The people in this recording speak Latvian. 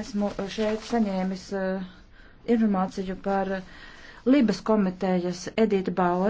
esmu šeit saņēmis eh, informāciju par Libas komitejas Edita Bauer.